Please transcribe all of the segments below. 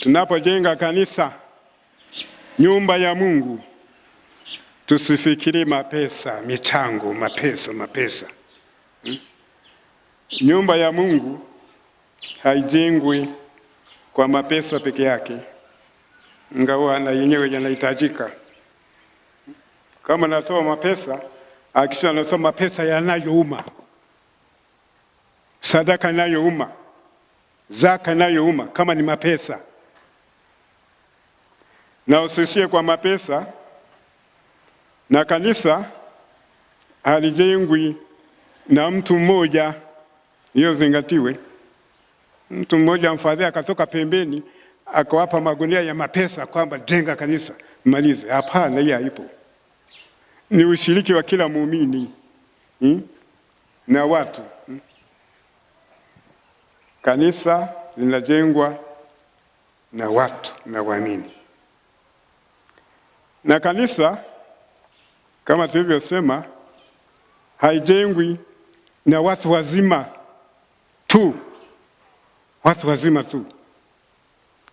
Tunapojenga kanisa, nyumba ya Mungu, tusifikiri mapesa, mitango mapesa, mapesa hmm? Nyumba ya Mungu haijengwi kwa mapesa peke yake, ingawa na yenyewe yanahitajika. Kama nasoma mapesa, akisha nasoma mapesa yanayouma, sadaka inayouma, zaka inayouma, kama ni mapesa na usishie kwa mapesa, na kanisa halijengwi na mtu mmoja. Hiyo zingatiwe. Mtu mmoja mfadhili akatoka pembeni akawapa magunia ya mapesa kwamba jenga kanisa malize. Hapana, hiyo haipo. Ni ushiriki wa kila muumini hmm? na watu hmm? Kanisa linajengwa na watu na waamini. Na kanisa kama tulivyosema, haijengwi na watu wazima tu, watu wazima tu.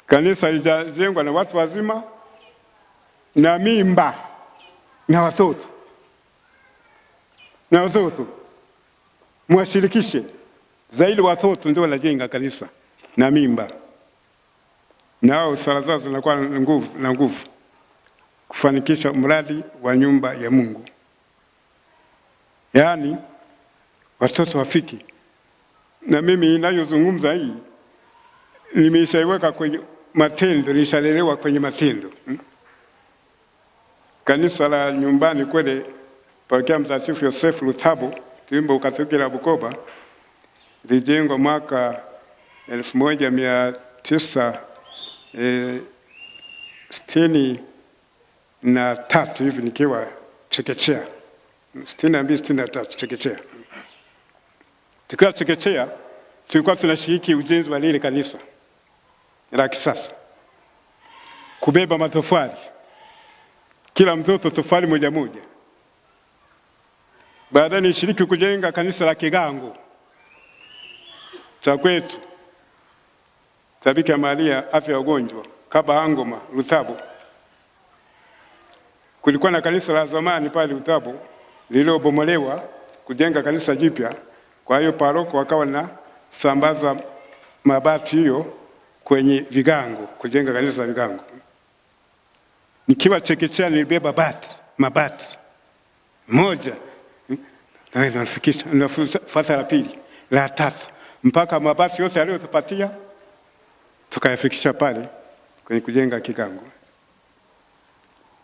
Kanisa lijajengwa na watu wazima na mimba na watoto na watoto, mwashirikishe zaidi watoto, ndio wanajenga kanisa na mimba, nao sala zao zinakuwa na nguvu na nguvu kufanikisha mradi wa nyumba ya Mungu, yaani watoto wafiki. Na mimi inayozungumza hii nimeshaiweka kwenye matendo, nishalelewa kwenye matendo hmm? Kanisa la nyumbani kwele Parokia Mtakatifu Yosefu Lutabo Jimbo Katoliki la Bukoba lijengwa mwaka elfu moja mia tisa e, sitini na tatu hivi nikiwa chekechea, sitini na mbili sitini na tatu chekechea. Tukiwa chekechea, tulikuwa tunashiriki ujenzi wa lile kanisa la kisasa, kubeba matofali, kila mtoto tofali moja moja. Baadaye nishiriki kujenga kanisa la Kigango cha kwetu Tabika Maria afya ya wagonjwa Kaba Angoma Rutabo Kulikuwa na kanisa la zamani pale Utabo lililobomolewa kujenga kanisa jipya. Kwa hiyo paroko wakawa na sambaza mabati hiyo kwenye vigango kujenga kanisa la vigango. Nikiwa chekechea nilibeba bati mabati moja, nafikisha nafuata la pili la tatu, mpaka mabati yote aliyotupatia tukayafikisha pale kwenye kujenga kigango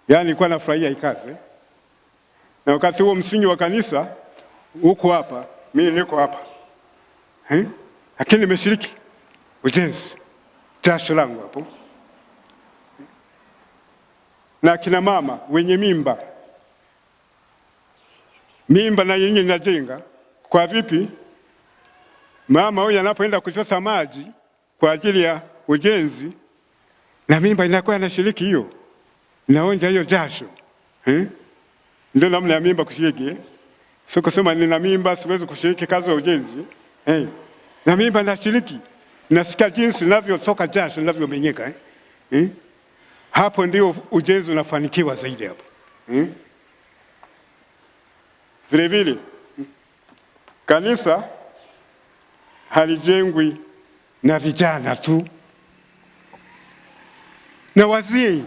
yaani nilikuwa nafurahia ikaze, na wakati huo msingi wa kanisa huko hapa, mimi niko hapa eh, lakini nimeshiriki ujenzi jasho langu hapo, na kina mama wenye mimba mimba na yenyewe inajenga kwa vipi? Mama huyu anapoenda kuchota maji kwa ajili ya ujenzi, na mimba inakuwa inashiriki hiyo naonja hiyo jasho eh? Ndio namna ya mimba kushiriki. Eh? Sio kusema nina mimba siwezi kushiriki kazi ya ujenzi eh? Na mimba nashiriki, nasikia jinsi navyotoka jasho navyomenyeka eh? Eh? Hapo ndio ujenzi unafanikiwa zaidi hapo eh? Vilevile kanisa halijengwi na vijana tu na wazee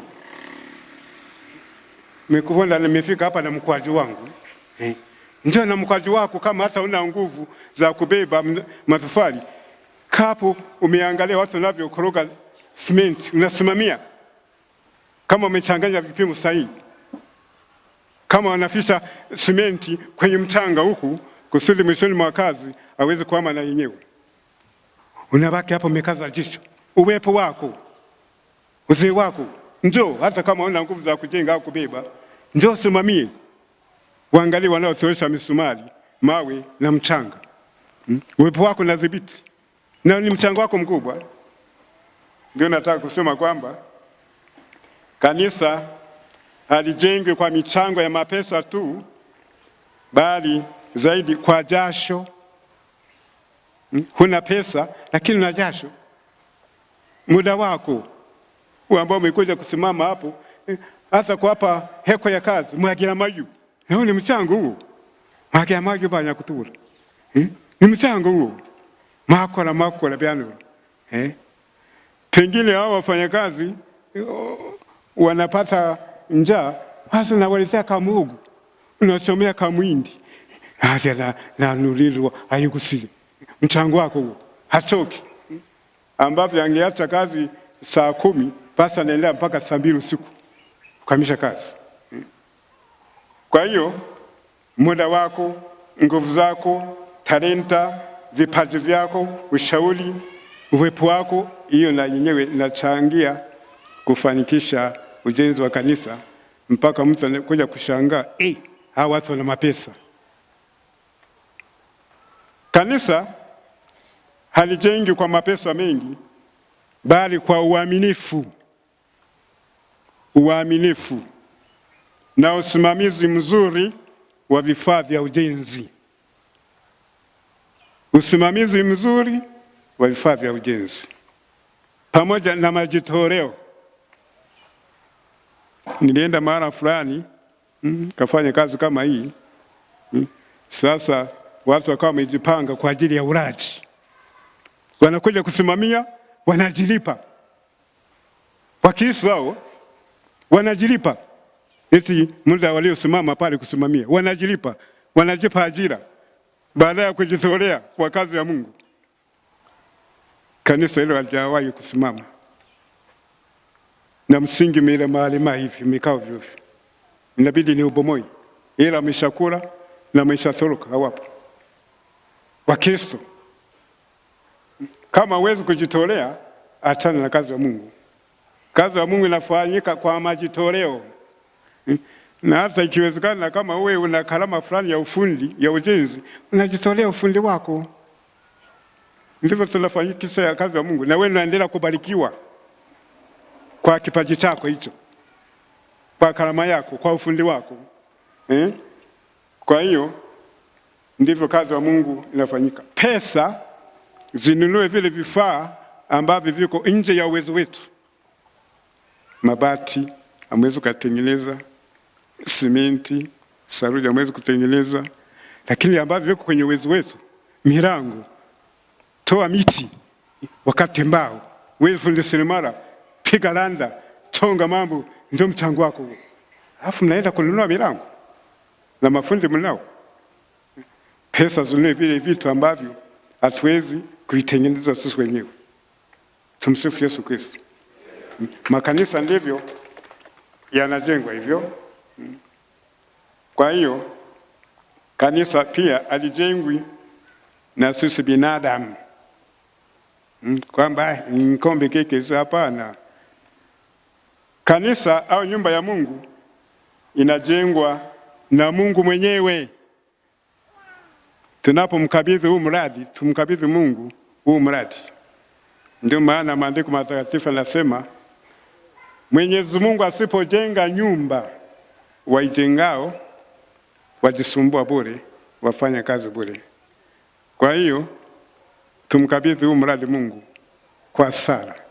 Nimekuona nimefika hapa na mkwaju wangu eh, Njoo na mkwaju wako. Kama hata una nguvu za kubeba matofali, kapo umeangalia watu wanavyokoroga simenti, unasimamia kama umechanganya vipimo sahihi, kama wanafisha simenti kwenye mchanga huku kusudi mwishoni mwa kazi aweze kuama na yenyewe. Unabaki hapo umekaza jicho, uwepo wako, uzee wako, njoo hata kama una nguvu za kujenga au kubeba. Ndio wasimamie, waangalie wanaosowesha misumari, mawe na mchanga. Hmm? Uwepo wako na dhibiti na ni mchango wako mkubwa. Ndio nataka kusema kwamba kanisa halijengwi kwa michango ya mapesa tu, bali zaidi kwa jasho. Hmm? Huna pesa lakini una jasho, muda wako ambao umekuja kusimama hapo eh, aza kuwapa heko ya kazi mwagira mayu nao ni mchango huo mwagira mayu banyakutura eh? ni mchango huo makora makora byanura eh? pengine hao kazi oh, wanapata njaa hasa nawalezea kamugu unasomea kamwindi asa na, na nulilwa ayigusile mchango wako huo hachoki ambavyo angeacha kazi saa kumi basi anaendelea mpaka saa mbili usiku kukamisha kazi. Kwa hiyo muda wako, nguvu zako, talenta, vipaji vyako, ushauri, uwepo wako, hiyo na yenyewe inachangia kufanikisha ujenzi wa kanisa, mpaka mtu anakuja kushangaa eh, hawa watu wana mapesa. Kanisa halijengi kwa mapesa mengi, bali kwa uaminifu uaminifu na usimamizi mzuri wa vifaa vya ujenzi. Usimamizi mzuri wa vifaa vya ujenzi pamoja na majitoleo. Nilienda mahala fulani mm, kafanya kazi kama hii. Mm. Sasa watu wakawa wamejipanga kwa ajili ya uraji wanakuja kusimamia, wanajilipa wakiishi wao wanajilipa eti muda waliosimama pale kusimamia, wanajilipa, wanajipa ajira baada ya kujitolea kwa kazi ya Mungu. Kanisa hilo halijawahi kusimama na msingi mile maalima hivi mikao vyovyo, inabidi ni ubomoi, ila ameshakula na ameshatoroka, hawapo Wakristo. Kama huwezi kujitolea, achana na kazi ya Mungu kazi ya Mungu inafanyika kwa majitoleo. Eh, na hata ikiwezekana kama wewe una karama fulani ya ufundi ya ujenzi, unajitolea ufundi wako. Ndivyo tunafanyikisha ya kazi ya Mungu, na wewe unaendelea kubarikiwa kwa kipaji chako hicho, kwa karama yako, kwa ufundi wako eh? Kwa hiyo ndivyo kazi ya Mungu inafanyika. Pesa zinunue vile vifaa ambavyo viko nje ya uwezo wetu mabati, amwezi kuyatengeneza, simenti, saruji amwezi kutengeneza, lakini ambavyo viko kwenye uwezo wetu, milango, toa miti, wakati mbao, wewe fundi seremala, piga randa, chonga mambo, ndio mchango wako. Alafu mnaenda kununua milango na mafundi mnao, pesa zunue vile vitu ambavyo hatuwezi kuvitengeneza sisi wenyewe. Tumsifu Yesu Kristo makanisa ndivyo yanajengwa hivyo. Kwa hiyo kanisa pia alijengwi na sisi binadamu, kwamba nkombe keke. Hapana, kanisa au nyumba ya Mungu inajengwa na Mungu mwenyewe. Tunapomkabidhi huu mradi, tumkabidhi Mungu huu mradi. Ndio maana maandiko matakatifu yanasema Mwenyezi Mungu asipojenga nyumba, waijengao wajisumbua bure, wafanya kazi bure. Kwa hiyo tumkabidhi huu mradi Mungu kwa sala